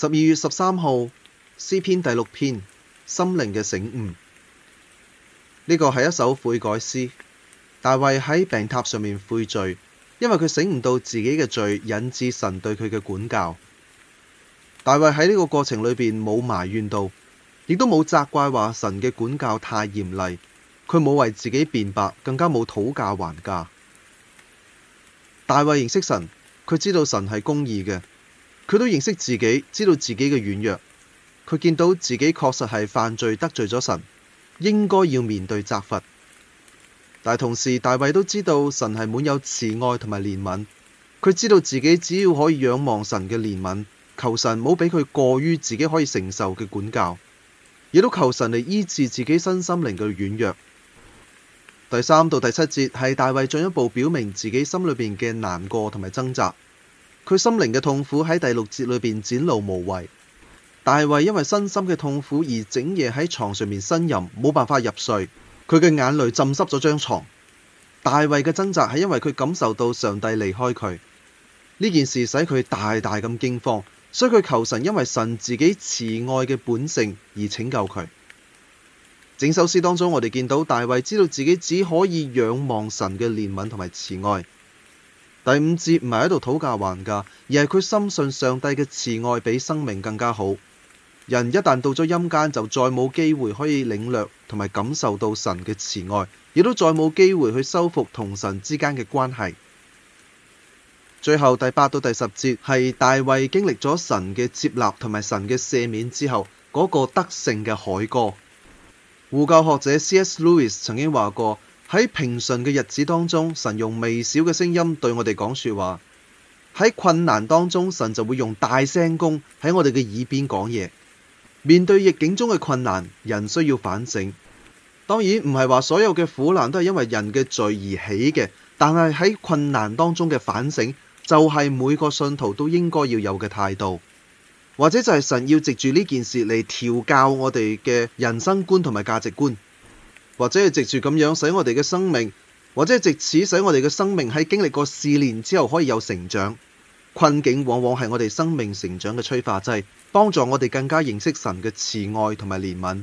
十二月十三號，詩篇第六篇，心靈嘅醒悟。呢個係一首悔改詩，大衛喺病榻上面悔罪，因為佢醒唔到自己嘅罪，引致神對佢嘅管教。大衛喺呢個過程裏邊冇埋怨到，亦都冇責怪話神嘅管教太嚴厲，佢冇為自己辯白，更加冇討價還價。大衛認識神，佢知道神係公義嘅。佢都認識自己，知道自己嘅軟弱。佢見到自己確實係犯罪得罪咗神，應該要面對責罰。但同時，大衛都知道神係滿有慈愛同埋憐憫。佢知道自己只要可以仰望神嘅憐憫，求神唔好俾佢過於自己可以承受嘅管教，亦都求神嚟醫治自己身心靈嘅軟弱。第三到第七節係大衛進一步表明自己心裏邊嘅難過同埋掙扎。佢心靈嘅痛苦喺第六節裏邊展露無遺，大衛因為身心嘅痛苦而整夜喺床上面呻吟，冇辦法入睡。佢嘅眼淚浸濕咗張床。大衛嘅掙扎係因為佢感受到上帝離開佢，呢件事使佢大大咁驚慌，所以佢求神，因為神自己慈愛嘅本性而拯救佢。整首詩當中，我哋見到大衛知道自己只可以仰望神嘅憐憫同埋慈愛。第五節唔係喺度討價還價，而係佢深信上帝嘅慈愛比生命更加好。人一旦到咗陰間，就再冇機會可以領略同埋感受到神嘅慈愛，亦都再冇機會去修復同神之間嘅關係。最後第八到第十節係大衛經歷咗神嘅接納同埋神嘅赦免之後，嗰個得勝嘅凱歌。護教學者 C.S. Lewis 曾經話過。喺平順嘅日子當中，神用微小嘅聲音對我哋講說話；喺困難當中，神就會用大聲公喺我哋嘅耳邊講嘢。面對逆境中嘅困難，人需要反省。當然唔係話所有嘅苦難都係因為人嘅罪而起嘅，但係喺困難當中嘅反省，就係、是、每個信徒都應該要有嘅態度，或者就係神要藉住呢件事嚟調教我哋嘅人生觀同埋價值觀。或者係藉住咁樣，使我哋嘅生命，或者係藉此使我哋嘅生命喺經歷過試煉之後，可以有成長。困境往往係我哋生命成長嘅催化劑，幫助我哋更加認識神嘅慈愛同埋憐憫。